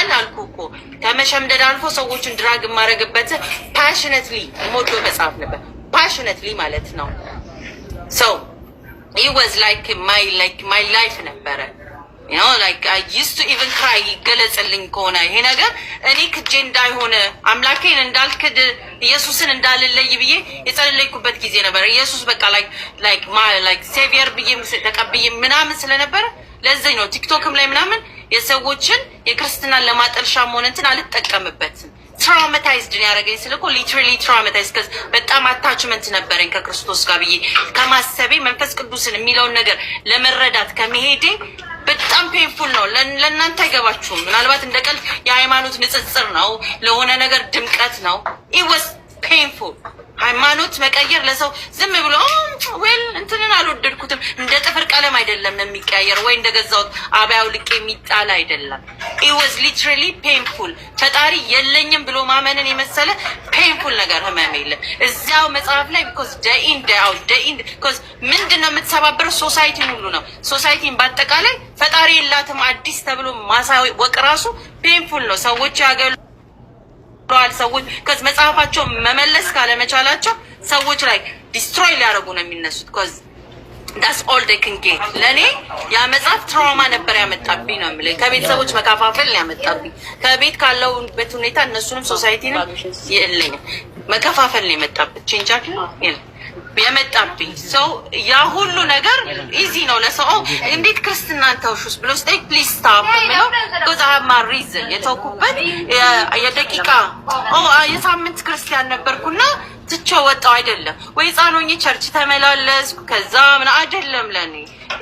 ይሆናል አልኩ እኮ ከመሸምደድ አልፎ ሰዎችን ድራግ የማደርግበት ፓሽነትሊ ሞዶ መጽሐፍ ነበር። ፓሽነትሊ ማለት ነው ሰው ይወዝ ላይክ ማይ ላይክ ማይ ላይፍ ነበረ ይስቱ ኢቨን ክራይ ይገለጽልኝ ከሆነ ይሄ ነገር እኔ ክጄ እንዳይሆነ አምላኬን እንዳልክድ ኢየሱስን እንዳልለይ ብዬ የጸለይኩበት ጊዜ ነበር። ኢየሱስ በቃ ላይክ ሴቪየር ብዬ ተቀብዬ ምናምን ስለነበረ ነው ቲክቶክም ላይ ምናምን የሰዎችን የክርስትናን ለማጠልሻ መሆንንትን አልጠቀምበትም። ትራውማታይዝድ ነው ያደረገኝ። ስለ እኮ ሊትራሊ ትራውማታይዝድ ከዚ በጣም አታችመንት ነበረኝ ከክርስቶስ ጋር ብዬ ከማሰቤ መንፈስ ቅዱስን የሚለውን ነገር ለመረዳት ከመሄዴ በጣም ፔንፉል ነው። ለእናንተ አይገባችሁም። ምናልባት እንደ ቀልድ የሃይማኖት ንጽጽር ነው፣ ለሆነ ነገር ድምቀት ነው። ፔንፉል ሃይማኖት መቀየር ለሰው ዝም ብሎ ዌል እንትንን አልወደድኩትም። እንደ ጥፍር ቀለም አይደለም የሚቀያየር ወይ እንደ ገዛሁት አብያው ልቅ የሚጣል አይደለም። ኢወዝ ሊትራሊ ፔንፉል ፈጣሪ የለኝም ብሎ ማመንን የመሰለ ፔንፉል ነገር ህመም የለም። እዚያው መጽሐፍ ላይ ቢኮዝ ደኢን ደአውት ደኢን ቢኮዝ ምንድን ነው የምትሰባበረው? ሶሳይቲን ሁሉ ነው። ሶሳይቲን በአጠቃላይ ፈጣሪ የላትም አዲስ ተብሎ ማሳወቅ ራሱ ፔንፉል ነው። ሰዎች ያገሉ ብለዋል። ሰዎች ከዚህ መጽሐፋቸው መመለስ ካለመቻላቸው ሰዎች ላይ ዲስትሮይ ሊያደርጉ ነው የሚነሱት። ኮዝ ዳስ ኦል ዴይ ካን ጌት። ለእኔ ያ መጽሐፍ ትራውማ ነበር ያመጣብኝ ነው የምልህ። ከቤተሰቦች መከፋፈል ያመጣብኝ ከቤት ካለውበት ሁኔታ እነሱንም ሶሳይቲንም የለኝም መከፋፈል ነው የመጣብት ቼንጃ የመጣብኝ ሰው ያ ሁሉ ነገር ኢዚ ነው ለሰው እንዴት ክርስትናን ተውሹስ ብሎ ስጠይቅ ፕሊዝ ስታፕ የሚለው ጎዛማ ሪዝን የተውኩበት የደቂቃ የሳምንት ክርስቲያን ነበርኩና ትቼ ወጣው አይደለም ወይ ጻኖኝ ቸርች ተመላለስኩ ከዛ ምን አይደለም ለኔ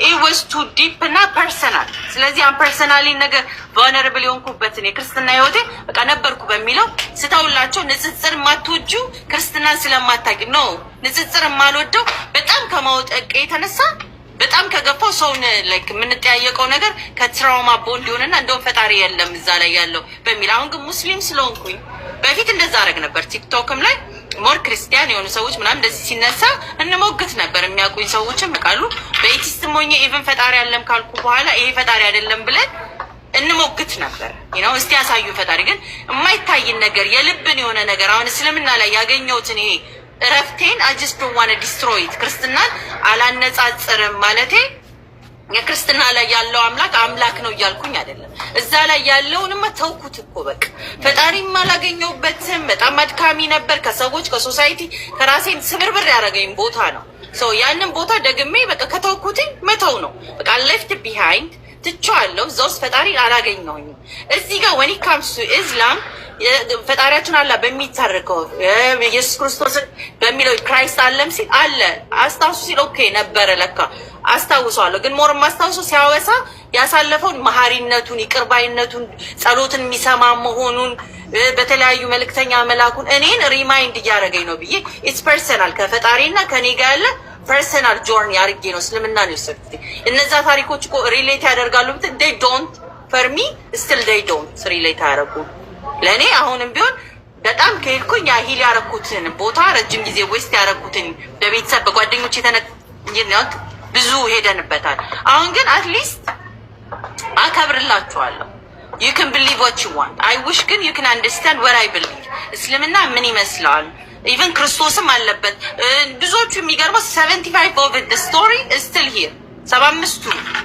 ይህ ወስ ቱ ዲፕ እና ፐርሰናል ስለዚህ አን ፐርሰናሊ ነገር ቫነረብል የሆንኩበትን ክርስትና ህይወቴ በቃ ነበርኩ በሚለው ስታውላቸው ንጽጽር ማትወጁ ክርስትናን ስለማታቂ ኖ ንጽጽር ማልወደው በጣም ከማውጠቅ የተነሳ በጣም ከገፋው ሰውን ላይክ የምንጠያየቀው ነገር ከትራውማ ቦንድ ይሆንና እንደውም ፈጣሪ የለም እዛ ላይ ያለው በሚል አሁን ግን ሙስሊም ስለሆንኩኝ በፊት እንደዛ አደረግ ነበር ቲክቶክም ላይ ሞር ክርስቲያን የሆኑ ሰዎች ምናምን እንደዚህ ሲነሳ እንሞግት ነበር። የሚያውቁኝ ሰዎችም ይቃሉ። በኢቲስት ሞኜ ኢቨን ፈጣሪ አለም ካልኩ በኋላ ይሄ ፈጣሪ አይደለም ብለን እንሞግት ነበር ነው። እስቲ ያሳዩ ፈጣሪ ግን የማይታይን ነገር የልብን የሆነ ነገር አሁን እስልምና ላይ ያገኘሁትን ይሄ እረፍቴን አጅስቶ ዋነ ዲስትሮይት ክርስትናን አላነጻጽርም ማለቴ የክርስትና ላይ ያለው አምላክ አምላክ ነው እያልኩኝ አይደለም። እዛ ላይ ያለውንማ ተውኩት እኮ በቃ ፈጣሪም አላገኘሁበትም። በጣም አድካሚ ነበር። ከሰዎች ከሶሳይቲ ከራሴን ስብርብር ያደረገኝ ቦታ ነው። ያንን ቦታ ደግሜ በቃ ከተውኩትኝ መተው ነው በቃ ሌፍት ቢሃይንድ ትቼዋለሁ። እዛ ውስጥ ፈጣሪ አላገኘውኝም። እዚህ ጋር ወኒ ካምሱ ኢስላም ፈጣሪያችን አላ በሚታረከው ኢየሱስ ክርስቶስ በሚለው ክራይስት አለም ሲል አለ አስታውሱ ሲል ኦኬ ነበረ ለካ አስታውሰዋለሁ። ግን ሞር አስታውሶ ሲያወሳ ያሳለፈውን መሀሪነቱን፣ ይቅርባይነቱን፣ ጸሎትን የሚሰማ መሆኑን በተለያዩ መልእክተኛ መላኩን እኔን ሪማይንድ እያደረገኝ ነው ብዬ ኢትስ ፐርሰናል ከፈጣሪና ከኔ ጋር ያለ ፐርሰናል ጆርኒ አድርጌ ነው እስልምና ነው የወሰድኩት። እነዛ ታሪኮች እኮ ሪሌት ያደርጋሉ ብትል ዴይ ዶንት ፈር ሚ ስትል ዴይ ዶንት ሪሌት አያደርጉ። ለእኔ አሁንም ቢሆን በጣም ከሄድኩኝ ያሂል ሂል ያደረኩትን ቦታ ረጅም ጊዜ ዌስት ያደረኩትን በቤተሰብ በጓደኞች የተነት ብዙ ሄደንበታል። አሁን ግን አትሊስት አከብርላችኋለሁ። ዩ ክን ብሊቭ ዋት ዩ ዋንት አይ ዊሽ ግን ዩ ክን አንደርስታንድ ወር አይ ብሊቭ እስልምና ምን ይመስለዋል ኢቨን ክርስቶስም አለበት። ብዙዎቹ የሚገርመው ሰቨንቲ ፋይቭ ኦፍ ዘ ስቶሪ ስትል ሂር ሰባ አምስቱ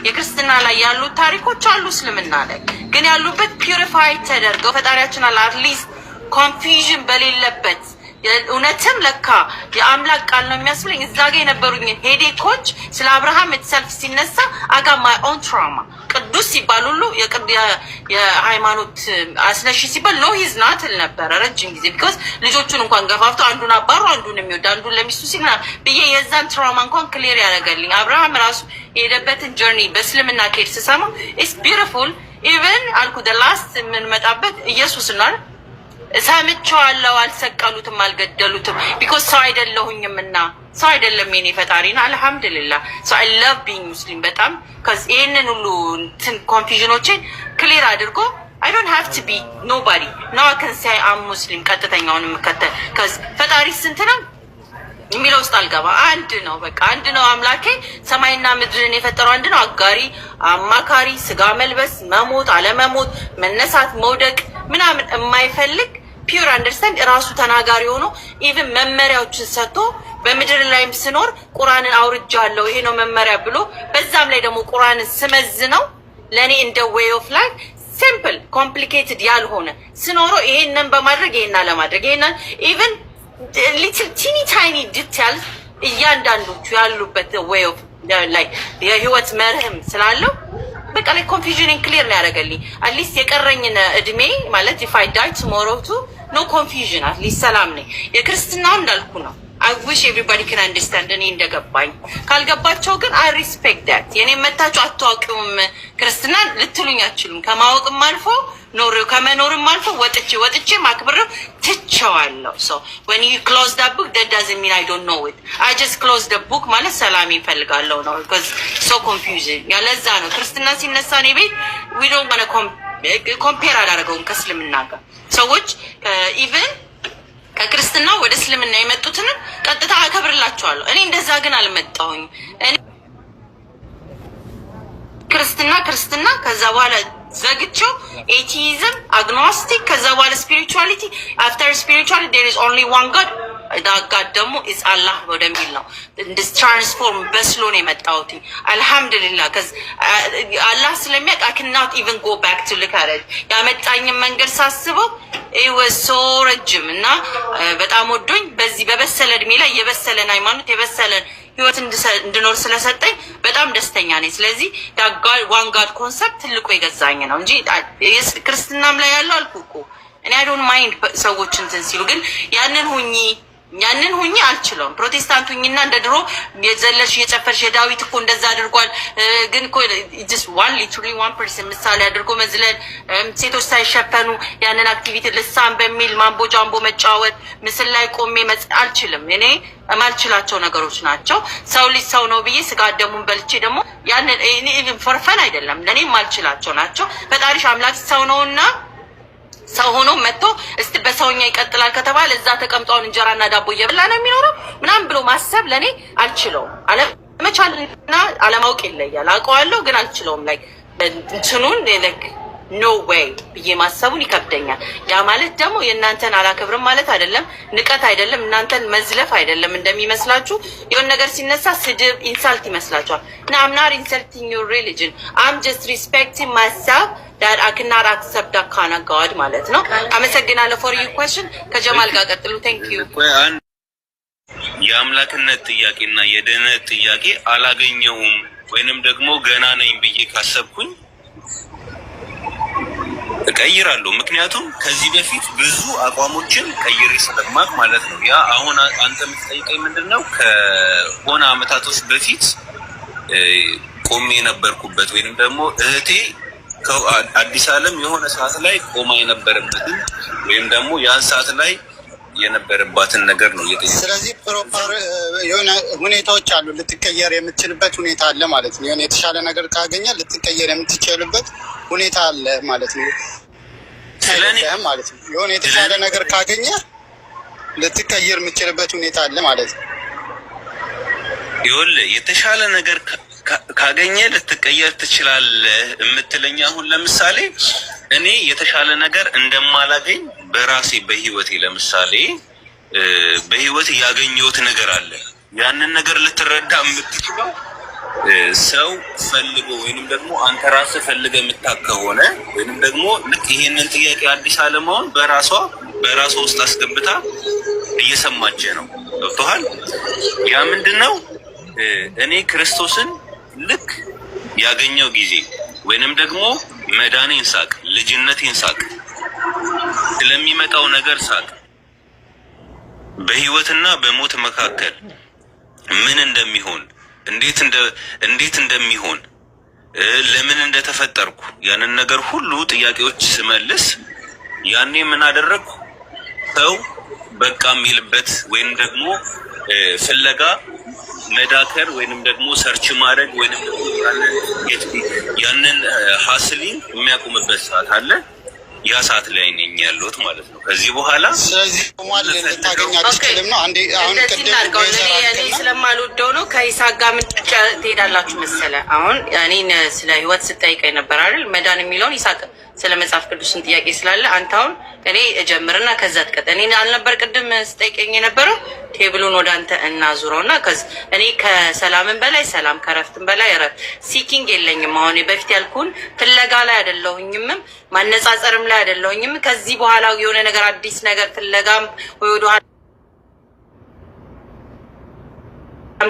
የክርስትና ላይ ያሉ ታሪኮች አሉ እስልምና ላይ ግን ያሉበት ፒሪፋይ ተደርገው ፈጣሪያችን አለ አትሊስት ኮንፊዥን በሌለበት እውነትም ለካ የአምላክ ቃል ነው የሚያስብለኝ። እዛ ጋ የነበሩኝ ሄዴኮች ስለ አብርሃም የተሰልፍ ሲነሳ አጋ ማይ ኦን ትራማ ቅዱስ ሲባል ሁሉ የሃይማኖት አስነሺ ሲባል ኖ ሂዝ ናት ል ነበረ ረጅም ጊዜ ቢኮዝ ልጆቹን እንኳን ገፋፍቶ አንዱን አባሩ አንዱን የሚወድ አንዱን ለሚስቱ ሲል ብዬ የዛን ትራውማ እንኳን ክሊር ያደረገልኝ አብርሃም ራሱ የሄደበትን ጆርኒ በእስልምና ከሄድ ስሰማ ኢትስ ቢዩቲፉል ኢቨን አልኩ ደ ላስት የምንመጣበት ኢየሱስ ነው ሰምቼዋለሁ። አልሰቀሉትም፣ አልገደሉትም። ቢኮዝ ሰው አይደለሁኝም እና ሰው አይደለም የኔ ፈጣሪና አልሐምድልላ ሰው አይ ላቭ ቢንግ ሙስሊም በጣም ከዚ ይህንን ሁሉ እንትን ኮንፊዥኖችን ክሊር አድርጎ አይ ዶንት ሃቭ ቱ ቢ ኖባዲ ናው አይ ካን ሴይ አም ሙስሊም ቀጥተኛውን የምከተል ከዚ ፈጣሪ ስንት ነው የሚለው ውስጥ አልገባ። አንድ ነው በቃ አንድ ነው አምላኬ። ሰማይና ምድርን የፈጠረው አንድ ነው። አጋሪ፣ አማካሪ፣ ስጋ መልበስ፣ መሞት፣ አለመሞት፣ መነሳት፣ መውደቅ ምናምን የማይፈልግ ፒዩር አንደርስታንድ ራሱ ተናጋሪ ሆኖ ኢቭን መመሪያዎችን ሰጥቶ በምድር ላይም ስኖር ቁርአንን አውርጃለሁ ይሄ ነው መመሪያ ብሎ በዛም ላይ ደግሞ ቁርአንን ነው። ለእኔ እንደ ዌይ ኦፍ ላይፍ ሲምፕል ኮምፕሊኬትድ ያልሆነ ስኖሮ ይሄንን በማድረግ ይሄን ለማድረግ ይሄን ኢቭን ሊትል ቲኒ ታይኒ ዲቴልስ እያንዳንዶቹ ያሉበት ዌይ ኦፍ ላይ የህይወት መርህም ስላለው በቃ ላይ ኮንፊዥንን ክሊር ነው ያደረገልኝ። አትሊስት የቀረኝን እድሜ ማለት ኢፍ አይ ዳይ ቱ ኖ ኮንፊዥን አትሊስት ሰላም ነኝ። የክርስትናው እንዳልኩ ነው አይ ዊሽ ኤቭሪባዲ ከን አንደርስታንድ እኔ እንደገባኝ። ካልገባቸው ግን አይ ሪስፔክት ዳት። የኔ መታችሁ አታዋቂውም ክርስትና ልትሉኝ አችሉም። ከማወቅም አልፎ ኖር ከመኖርም አልፎ ወጥቼ ወጥቼ ማክብር ትቸዋለሁ። ሶ ዌን ዩ ክሎዝ ዳ ቡክ ዳት ሚን አይ ዶንት ኖ ኢት አይ ጀስት ክሎዝ ዳ ቡክ ማለት ሰላም ይፈልጋለሁ ነው። ቢኮዝ ሶ ኮንፊውዥን ያለዛ ነው ክርስትና ሲነሳ እኔ ቤት ዊ ዶንት ዋና ኮምፔር አላደረገውም ከእስልምና ጋር ሰዎች ኢቨን ከክርስትና ወደ እስልምና የመጡትንም ቀጥታ አከብርላቸዋለሁ። እኔ እንደዛ ግን አልመጣሁኝ። ክርስትና ክርስትና ከዛ በኋላ ዘግቸው ኤቲይዝም፣ አግኖስቲክ ከዛ በኋላ ስፒሪቹዋሊቲ አፍተር ስፒሪቹዋሊቲ ዴር ኢዝ ኦንሊ ዋን ጋድ ዳጋት ደግሞ ኢዝ አላህ ወደሚል ነው ትራንስፎርም በስሎ ነው የመጣሁት። አልሐምዱሊላ አላህ ስለሚያቅ አይ ክናት ኢቨን ጎ ባክ ቱ ልክ ያመጣኝን መንገድ ሳስበው ሶ ረጅም እና uh, በጣም ወዶኝ በዚህ በበሰለ እድሜ ላይ የበሰለን ሃይማኖት የበሰለን ህይወት እንድኖር ስለሰጠኝ በጣም ደስተኛ ነኝ። ስለዚህ ዋን ጋድ ኮንሰፕት ትልቁ የገዛኝ ነው እንጂ ክርስትናም ላይ ያለው አልኩ እኮ እኔ አይ ዶንት ማይንድ ሰዎች እንትን ሲሉ ግን ያንን ሁኚ ያንን ሁኝ አልችለውም። ፕሮቴስታንት ሁኝና እንደ ድሮ የዘለሽ የጨፈርሽ የዳዊት እኮ እንደዛ አድርጓል። ግን እኮ ዋን ሊትራሊ ዋን ፐርሰን ምሳሌ አድርጎ መዝለል፣ ሴቶች ሳይሸፈኑ ያንን አክቲቪቲ ልሳን በሚል ማንቦ ጃምቦ መጫወት፣ ምስል ላይ ቆሜ አልችልም። እኔ የማልችላቸው ነገሮች ናቸው። ሰው ልጅ ሰው ነው ብዬ ስጋ ደሙን በልቼ ደግሞ ያንን ኢቭን አይደለም ለእኔ የማልችላቸው ናቸው። ፈጣሪሽ አምላክ ሰው ነውና ሰው ሆኖ መጥቶ እስቲ በሰውኛ ይቀጥላል ከተባለ እዛ ተቀምጠውን እንጀራና ዳቦ እየበላ ነው የሚኖረው ምናምን ብሎ ማሰብ ለእኔ አልችለውም። አለመቻልና አለማወቅ ይለያል። አውቀዋለሁ ግን አልችለውም ላይ እንትኑን ኖ ወይ ብዬ ማሰቡን ይከብደኛል። ያ ማለት ደግሞ የእናንተን አላከብርም ማለት አይደለም፣ ንቀት አይደለም፣ እናንተን መዝለፍ አይደለም። እንደሚመስላችሁ የሆነ ነገር ሲነሳ ስድብ፣ ኢንሳልት ይመስላችኋል። እና አምናር ኢንሰልቲንግ ዩር ሪሊጅን አም ጀስት ሪስፔክቲንግ ማሳብ ዳር አክናር አክሰብድ አካና ጋድ ማለት ነው። አመሰግናለሁ ፎር ዩ ኮሽን ከጀማል ጋር ቀጥሉ። ቴንክ ዩ የአምላክነት ጥያቄና የድህነት ጥያቄ አላገኘውም ወይንም ደግሞ ገና ነኝ ብዬ ካሰብኩኝ እቀይራለሁ። ምክንያቱም ከዚህ በፊት ብዙ አቋሞችን ቀይር ስለማቅ ማለት ነው። ያ አሁን አንተ የምትጠይቀኝ ምንድን ነው ከሆነ አመታቶች በፊት ቆሜ የነበርኩበት ወይም ደግሞ እህቴ አዲስ ዓለም የሆነ ሰዓት ላይ ቆማ የነበረበትን ወይም ደግሞ ያን ሰዓት ላይ የነበረባትን ነገር ነው እየጠየኩ። ስለዚህ ፕሮፐር የሆነ ሁኔታዎች አሉ፣ ልትቀየር የምትችልበት ሁኔታ አለ ማለት ነው። የሆነ የተሻለ ነገር ካገኘ ልትቀየር የምትችልበት ሁኔታ አለ ማለት ነው። ማለት ነው የሆነ የተሻለ ነገር ካገኘ ልትቀየር የምትችልበት ሁኔታ አለ ማለት ነው። ይኸውልህ የተሻለ ነገር ካገኘ ልትቀየር ትችላለህ የምትለኝ አሁን ለምሳሌ እኔ የተሻለ ነገር እንደማላገኝ በራሴ በህይወቴ ለምሳሌ በህይወት ያገኘሁት ነገር አለ። ያንን ነገር ልትረዳ የምትችለው ሰው ፈልጎ ወይንም ደግሞ አንተ ራስህ ፈልገ የምታውቅ ከሆነ ወይንም ደግሞ ልክ ይሄንን ጥያቄ አዲስ አለመሆን በራሷ በራሷ ውስጥ አስገብታ እየሰማች ነው። ገብቶሃል? ያ ምንድን ነው? እኔ ክርስቶስን ልክ ያገኘው ጊዜ ወይንም ደግሞ መዳኔን ሳቅ ልጅነቴን ሳቅ፣ ስለሚመጣው ነገር ሳቅ፣ በህይወትና በሞት መካከል ምን እንደሚሆን እንዴት እንደ እንዴት እንደሚሆን ለምን እንደተፈጠርኩ ያንን ነገር ሁሉ ጥያቄዎች ስመልስ ያኔ ምን አደረግኩ? ሰው በቃ የሚልበት ወይም ደግሞ ፍለጋ መዳከር ወይንም ደግሞ ሰርች ማድረግ ወይንም ደግሞ ያንን ሀስሊን የሚያቆምበት ሰዓት አለ። ያ ሰዓት ላይ ነኝ ያለሁት ማለት ነው። ከዚህ በኋላ ስለዚህ ነው አንዴ አሁን እኔ ስለማልወደው ነው ከይሳቅ ጋር ምን ትሄዳላችሁ መሰለ። አሁን እኔን ስለ ህይወት ስጠይቀኝ ነበር አይደል? መዳን የሚለውን ይሳቅ ስለ መጽሐፍ ቅዱስን ጥያቄ ስላለ አንተ አሁን እኔ እጀምርና ከዛ ጥቀጥ። እኔ አልነበር ቅድም ስጠይቀኝ የነበረው ቴብሉን ወደ አንተ እናዙረው እና እኔ ከሰላምን በላይ ሰላም ከረፍትን በላይ ረፍት ሲኪንግ የለኝም። አሁን በፊት ያልኩን ፍለጋ ላይ አይደለሁኝም፣ ማነጻጸርም ላይ አይደለሁኝም። ከዚህ በኋላ የሆነ ነገር አዲስ ነገር ፍለጋም ወይ ወደኋላ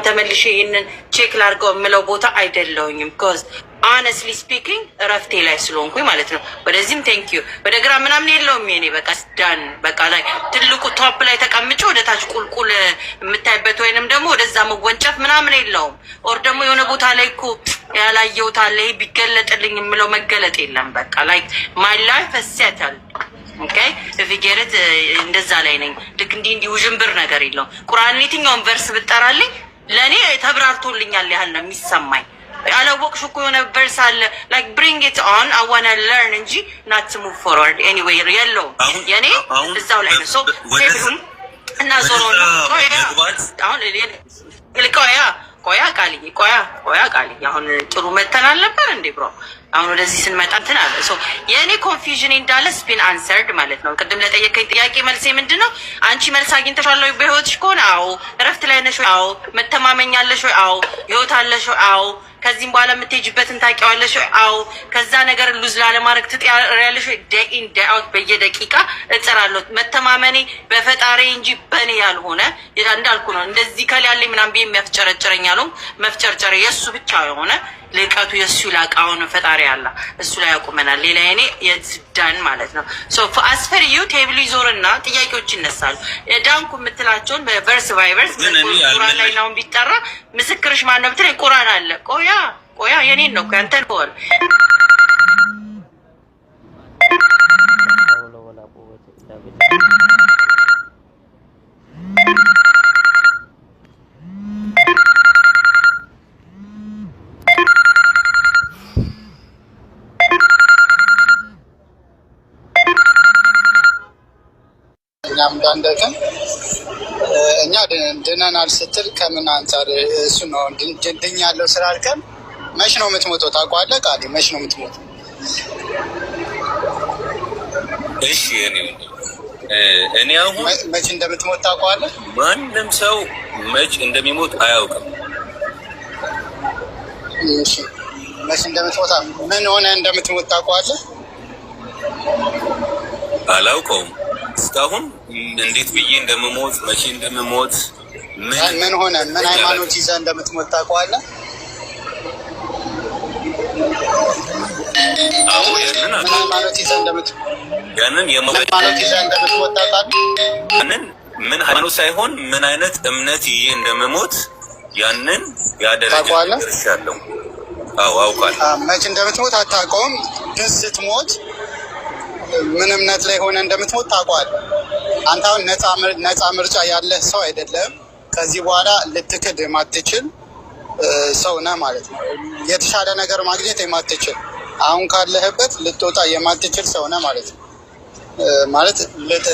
ተመልሼ ይህንን ቼክ ላድርገው የምለው ቦታ አይደለሁኝም ኮዝ አነስሊ ስፒኪንግ እረፍቴ ላይ ስለሆንኩኝ ማለት ነው። ወደዚህም ቴንክ ዩ ወደ ግራ ምናምን የለውም የኔ በቃ ስዳን በቃ ላይ ትልቁ ቶፕ ላይ ተቀምጮ ወደ ታች ቁልቁል የምታይበት ወይንም ደግሞ ወደዛ መወንጨፍ ምናምን የለውም። ኦር ደግሞ የሆነ ቦታ ላይ እኮ ያላየሁት አለ ይሄ ቢገለጥልኝ የምለው መገለጥ የለም። በቃ ላይ ማይ ላይፍ ሴትል ኦኬ ፊጌረት እንደዛ ላይ ነኝ። ልክ እንዲህ እንዲህ ውዥንብር ነገር የለውም። ቁርአን የትኛውን ቨርስ ብጠራልኝ ለእኔ ተብራርቶልኛል ያህል ነው የሚሰማኝ። አላወቅሽ እኮ የሆነ ቨርስ አለ ላይክ ብሪንግ ኢት ኦን አይ ዋና ለርን እንጂ ናት ቱ ሙቭ ፎርዋርድ ኤኒዌይ የለውም። የኔ እዛው ላይ ነው። ሶ ቴብሉም እና ዞሮ ነው አሁን ቆያ ቆያ ቃልዬ ቆያ ቆያ ቃልዬ አሁን ጥሩ መተን አልነበር እንዴ ብሮ? አሁን ወደዚህ ስንመጣ እንትን አለ። ሶ የእኔ ኮንፊዥን እንዳለ ስፒን አንሰርድ ማለት ነው። ቅድም ለጠየቀኝ ጥያቄ መልሴ ምንድን ነው? አንቺ መልስ አግኝተሻል ወይ በህይወትሽ ከሆነ አዎ። እረፍት ላይ ነሽ ወይ አዎ። መተማመኛለሽ ወይ አዎ። ህይወት አለሽ ወይ አዎ ከዚህም በኋላ የምትሄጅበትን ታውቂዋለሽ። አዎ ከዛ ነገር ሉዝ ላለማድረግ ትጥያለሽ። ደኢን ደአውት በየደቂቃ እጥራለሁ። መተማመኔ በፈጣሪ እንጂ በእኔ ያልሆነ እንዳልኩ ነው። እንደዚህ ከል ያለኝ ምናምን ብዬ የሚያፍጨረጭረኝ ያለው መፍጨርጨር የእሱ ብቻ የሆነ ልቀቱ የእሱ ላቃ ሆነ ፈጣሪ ያላ እሱ ላይ ያቁመናል። ሌላ የኔ የዝዳን ማለት ነው። አስፈር ዩ ቴብሉ ይዞርና ጥያቄዎች ይነሳሉ። ዳንኩ የምትላቸውን በቨርስ ቫይቨርስ ቁራን ላይ ነው ቢጠራ ምስክርሽ ማነው ብትለኝ ቁራን አለ ቆያ ቆያ ቆያ የኔን ነው ከንተን ሆን እኛ ድነናል ስትል ከምን አንጻር እሱ ነው ድኛለሁ ስላልከን፣ መች ነው የምትሞተው? ታውቀዋለህ ቃል መች ነው የምትሞተው? እሺ እኔ እኔ አሁን መች እንደምትሞት ታውቀዋለህ? ማንም ሰው መች እንደሚሞት አያውቅም። መች እንደምትሞት ምን ሆነ እንደምትሞት ታውቀዋለህ? አላውቀውም እስካሁን እንዴት ብዬ እንደምሞት መቼ እንደምሞት ምን ሆነ ምን ሃይማኖት ይዘህ እንደምትሞት ታውቀዋለህ? ያንን ያንን ምን ሃይማኖት ሳይሆን ምን አይነት እምነት ይዤ እንደምሞት ያንን ያደረገ ይሻለው። አዎ አውቃለሁ። መቼ እንደምትሞት አታውቀውም፣ ግን ስትሞት ምን እምነት ላይ ሆነ እንደምትሞት ታውቀዋለህ። አንተ አሁን ነፃ ምርጫ ያለህ ሰው አይደለም። ከዚህ በኋላ ልትክድ የማትችል ሰው ነህ ማለት ነው። የተሻለ ነገር ማግኘት የማትችል አሁን ካለህበት ልትወጣ የማትችል ሰው ነህ ማለት ነው ማለት